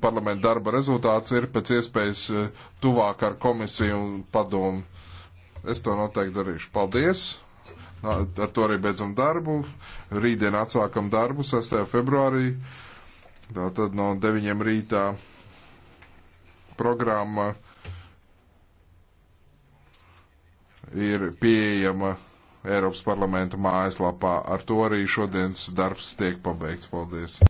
parlamenta darba rezultāts ir pēc iespējas eh, tuvāk ar komisiju un padomu. Es to noteikti darīšu. Paldies! Ar to arī beidzam darbu. Rītdien atsākam darbu 6. februārī. Tātad no 9. rītā programma ir pieejama Eiropas parlamenta mājaslapā. Ar to arī šodienas darbs tiek pabeigts. Paldies!